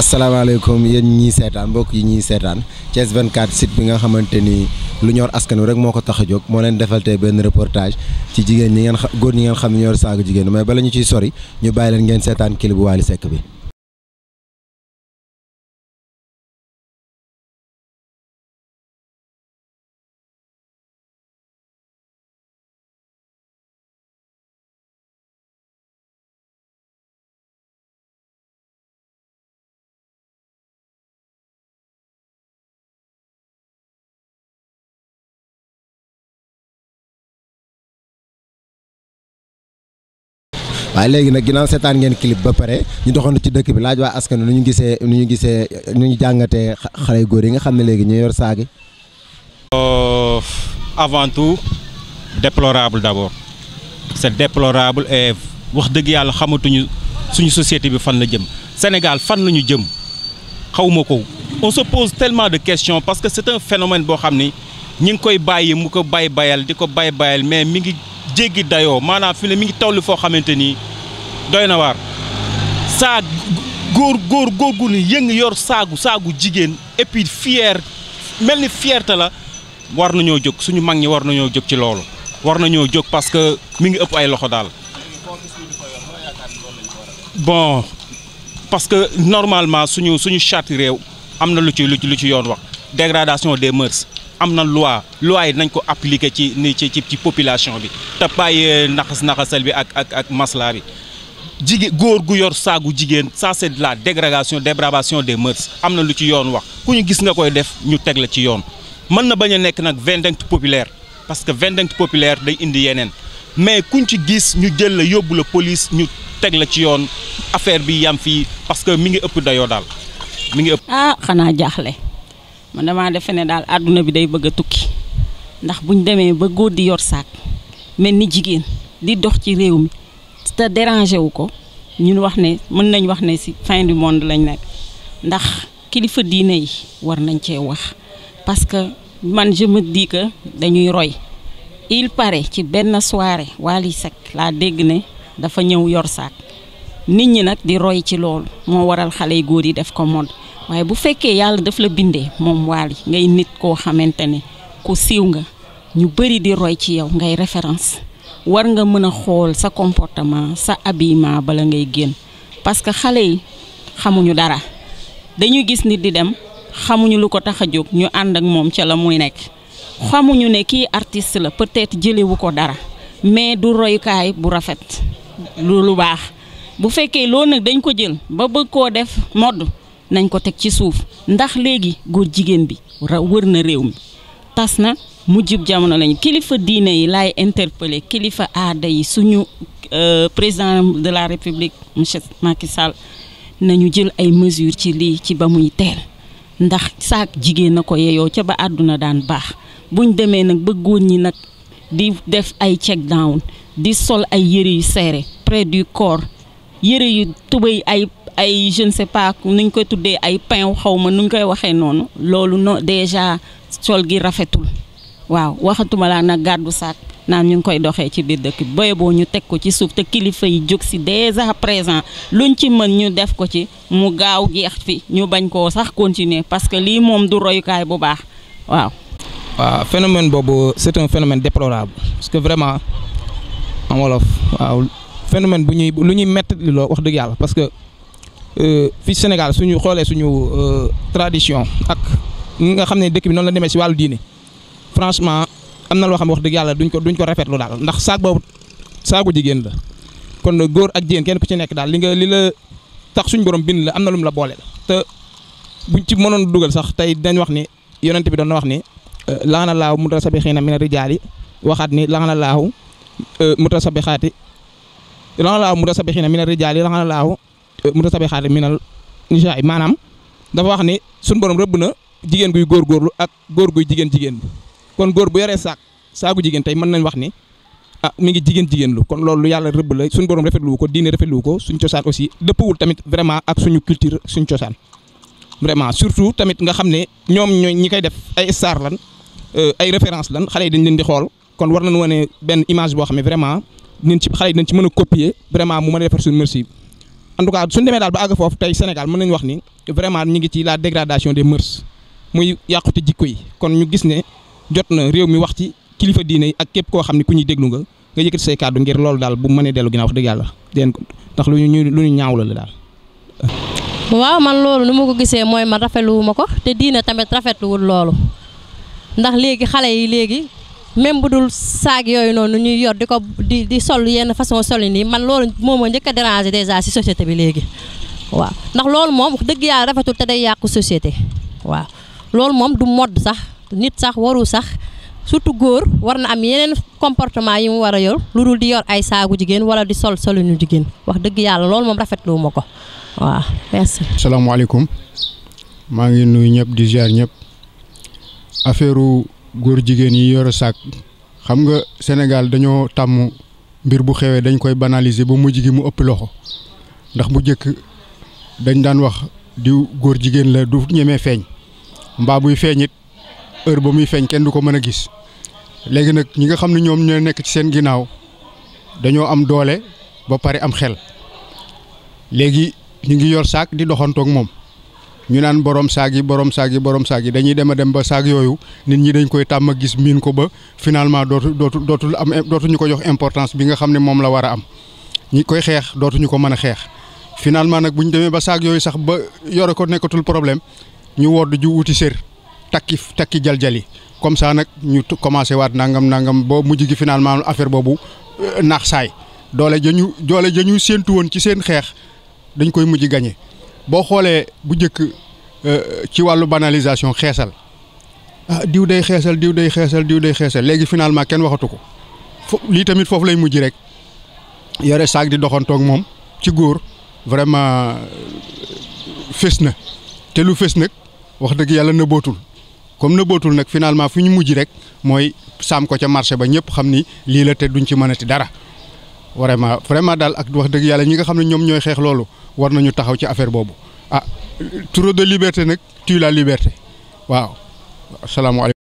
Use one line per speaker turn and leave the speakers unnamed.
asalaamaaleykum yéen ñii seetaan mbokk yi ñuy seetaan Thiès 24 site bi nga xamante ni lu ñor askan wi rek moo ko tax a jóg moo leen defal tey benn reportage ci jigéen ñi ngeen xa góor ñi ngeen xam ne ñor saagu jigéen mais bala ñu ciy sori ñu bàyyi leen ngeen seetaan clip bu bi. waaye léegi nag ginnaaw seetaan ngeen clip ba pare ñu doxantu ci dëkk bi laaj waa askan nu ñu gisee nu ñu gisee nu jàngatee xale góor yi nga xam ne léegi ñu yor saagi euh, avant tout déplorable d'abord c'est déplorable et wax dëgg yàlla xamatuñu suñu société bi fan la jëm Sénégal fan la ñu jëm xawma ko on se pose tellement de question parce que c'est un boo xam ni ñu ngi koy bàyyi mu ko bay bayal di ko bay bayal mais mi ngi jéggi dayoo maanaa fi ne mi ngi tawli foo xamante ni doy na waar saa góor góor góor gu ni yëng yor saagu saagu jigéen et puis fier mel ni fierté la war nañoo jóg suñu mag ñi war nañoo jóg ci loolu. war nañoo jóg parce que mi ngi ëpp ay loxo daal. bon parce que normalement suñu suñu charte réew am na lu ci lu ci lu ci yoon wax dégradation des mœurs. am na loi loi yi nañ ko appliquer ci ci ci ci population bi te bàyyi naxas naxasal bi ak ak ak masla bi góor gu yor saagu jigéen ça c'est de la dégradation dégradation des mœurs am na lu ci yoon wax ku ñu gis nga koy def ñu teg la ci yoon mën na bañ a nekk nag vendetta populaire parce que vendetta populaire day indi yeneen mais ku kuñ ci gis ñu jël la yóbbu la police ñu teg la ci yoon affaire bi yam fii parce que mi ngi ëpp dayoo daal
mu ngi ëpp. ah xanaa jaaxle. man damaa defe ne daal àdduna bi day bëgg a tukki ndax buñ demee ba góor di yor saak mel ni jigéen di dox ci réew mi te dérangé wu ko ñun wax ne mën nañu wax ne ci fin du monde lañ nekk ndax kilifa diine yi war nañ cee wax parce que man je me dis dañuy roy il pare ci benn soirée Wally Seck laa dégg ne dafa ñëw yor saak nit ñi nag di roy ci loolu moo waral xale yu góor yi def ko mode waaye bu fekkee yàlla daf la bindee moom waal yi ngay nit koo xamante ne ku siiw nga ñu bëri di roy ci yow ngay référence war nga mën a xool sa comportement sa habillement bala ngay génn parce que xale yi xamuñu dara dañu gis nit di dem xamuñu lu ko tax a jóg ñu ànd ak moom ca la muy nekk xamuñu ne kii artiste la peut-être jëlewu ko dara mais du royukaay bu rafet lu lu baax bu fekkee loo nag dañ ko jël ba bëgg koo def modd nañ ko teg ci suuf ndax léegi góor jigéen bi wër na réew mi tas na mujjub jamono lañu kilifa diine yi laay interpellé kilifa aada yi suñu euh, président de la république monsieur Macky nañu jël ay mesures ci lii ci ba muy teel ndax saak jigéen na ko yeyoo ca ba àdduna daan baax buñ demee nag ba góor ñi nag di def ay check down di sol ay yëre yu serré près du corps yëre yu tubéy ay ay jeune ne sais pas nuñ koy tuddee ay pain xaw ma nuñ koy waxee noonu loolu no déjà sol gi rafetul waaw waxatuma laa nag gàddu saak naan ñu ngi koy doxee ci biir dëkk bi boo ñu teg ko ci suuf te kilifa yi jóg si dès à présent luñ ci mën ñu def ko ci mu gaaw jeex fi ñu bañ koo sax continuer parce que lii moom du royukaay bu baax waaw.
waaw boobu c'est un phénomène déplorable parce que vraiment en wolof waaw phénomène bu ñuy lu ñuy wax dëgg yàlla Euh, fii Sénégal suñu xoolee suñu euh, tradition ak ñi nga xam ne dëkk bi noonu la demee si wàllu diine franchement am na loo xam wax dëgg yàlla duñ ko duñ ko rafetlu daal ndax saag boobu saagu jigéen la kon góor ak jigéen kenn ku ci nekk daal li nga li la tax suñu borom bind la am na lum la boole te buñ ci mënoon dugal sax tey dañ wax ni yonent bi doon na wax ni euh, laana laahu mutasabbihiina mina rijaali waxaat ni laana laahu mutasabbihaati laana laahu mutasabbihiina mina rijaali laana laahu mutasabihaati minal nisaa maanaam dafa wax ni suñ borom rëbb na jigéen guy góorlu ak góor guy jigéen jigéen kon góor bu yaree saak saaku jigéen tey mën nañ wax ni ah mu ngi jigéen jigéen lu kon loolu yàlla rëbb la suñu borom rafetlu ko diine rafetlu ko suñ cosaan aussi dëppwul tamit vraiment ak suñu culture suñ cosaan vraiment surtout tamit nga xam ne ñoom ñooy ñi koy def ay star lan euh, ay référence lan xale yi dañ leen di xool kon war nañ wane benn image boo xam ne vraiment nin ci xale yi dañ ci mën a copier mu mën a defar suñu en tout cas suñu demee daal ba àgg foofu tey Sénégal mën nañu wax ni vraiment ñu ngi ci la dégradation des mœurs muy yàqute jikko yi kon ñu gis ne jot na réew mi wax ci kilifa diine yi ak képp koo xam ne ku ñuy déglu nga nga yëkkati say kàddu ngir loolu daal bu mënee dellu ginnaaw wax dëgg yàlla deen ko ndax lu ñu lu ñu ñaaw la la daal.
waaw man loolu nu ma ko gisee mooy ma rafetluwu ma ko te diine tamit rafetluwul loolu ndax léegi xale yi léegi même bu dul saag yooyu noonu ñuy yor di ko di di sol yenn façon sol nii man loolu moom moo njëkk a déranger déjà ci société bi léegi waaw ndax loolu moom dëgg yàlla rafetul te day yàqu société waaw loolu moom du modd sax nit sax warul sax surtout góor war na am yeneen comportement yi mu war a yor lu dul di yor ay saagu jigéen wala di sol solinu jigéen wax dëgg yàlla loolu moom rafetlu ma ko waaw merci. salaamaaleykum
maa ngi nuyu ñëpp di ziar ñëpp góor jigéen yi yore saak xam nga Sénégal dañoo tàmm mbir bu xewee dañ koy banaliser ba mujj gi mu ëpp loxo ndax bu njëkk dañ daan wax diw góor jigéen la du ñemee feeñ mbaa buy feeñit heure ba muy feeñ kenn du ko mën a gis léegi nag ñi nga xam ne ñoom ñoo nekk ci seen ginnaaw dañoo am doole ba pare am xel léegi ñu ngi yor saak di doxantoog moom ñu naan borom saag yi borom saag yi borom saag yi dañuy dem a dem ba saag yooyu nit ñi dañu koy tàmm gis miin ko ba finalement dootu dootu dootul am dootuñu ko jox importance bi nga xam ne moom la war a am ñi koy xeex dootuñu ko mën a xeex. finalement nag bu ñu demee ba saag yooyu sax ba yore ko nekkatul problème ñu wodd ju wuti sér takki takki jal jaljali comme ça nag ñu commencé waat nangam nangam ba mujj gi finalement affaire boobu euh, naax saay doole ja ñu doole séentu woon ci seen xeex dañ koy mujj gañe boo xoolee bu njëkk euh, ci wàllu banalisation xeesal ah diw day xeesal diw day xeesal diw day xeesal léegi finalement kenn waxatu ko fo lii tamit foofu lay mujj rek yare saak di doxantoog moom ci góor vraiment euh, fés na te lu fés nag wax dëgg yàlla nëbbootul comme nëbbootul nag finalement fu ñu mujj rek mooy saam ko ca marché ba ñëpp xam ni lii la te duñ ci mënati dara vraiment vraiment daal ak wax dëgg yàlla ñi nga xam ne ñoom ñooy xeex loolu. war nañu taxaw ci affaire boobu ah trop de liberté nag tue la liberté waaw asalaamaaleykum